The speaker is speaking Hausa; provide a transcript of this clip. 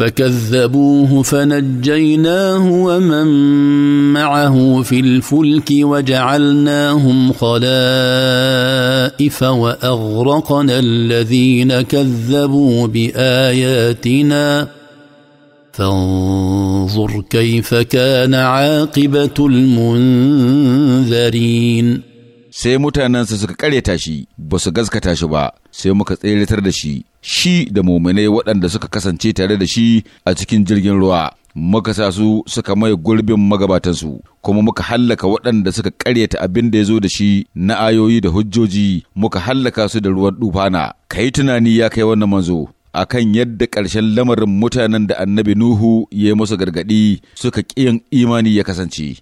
فكذبوه فنجيناه ومن معه في الفلك وجعلناهم خلائف واغرقنا الذين كذبوا باياتنا فانظر كيف كان عاقبه المنذرين sai mutanensa suka karyata shi ba su gaskata shi ba sai muka tseratar da shi shi da muminai waɗanda suka kasance tare da shi a cikin jirgin ruwa muka sa su suka maye gurbin magabatansu kuma muka hallaka waɗanda suka ƙaryata abin da ya zo da shi na ayoyi da hujjoji muka hallaka su da ruwan dufana ka yi tunani ya kai wannan manzo a kan yadda ƙarshen lamarin mutanen da annabi nuhu ya yi musu gargaɗi suka yin imani ya kasance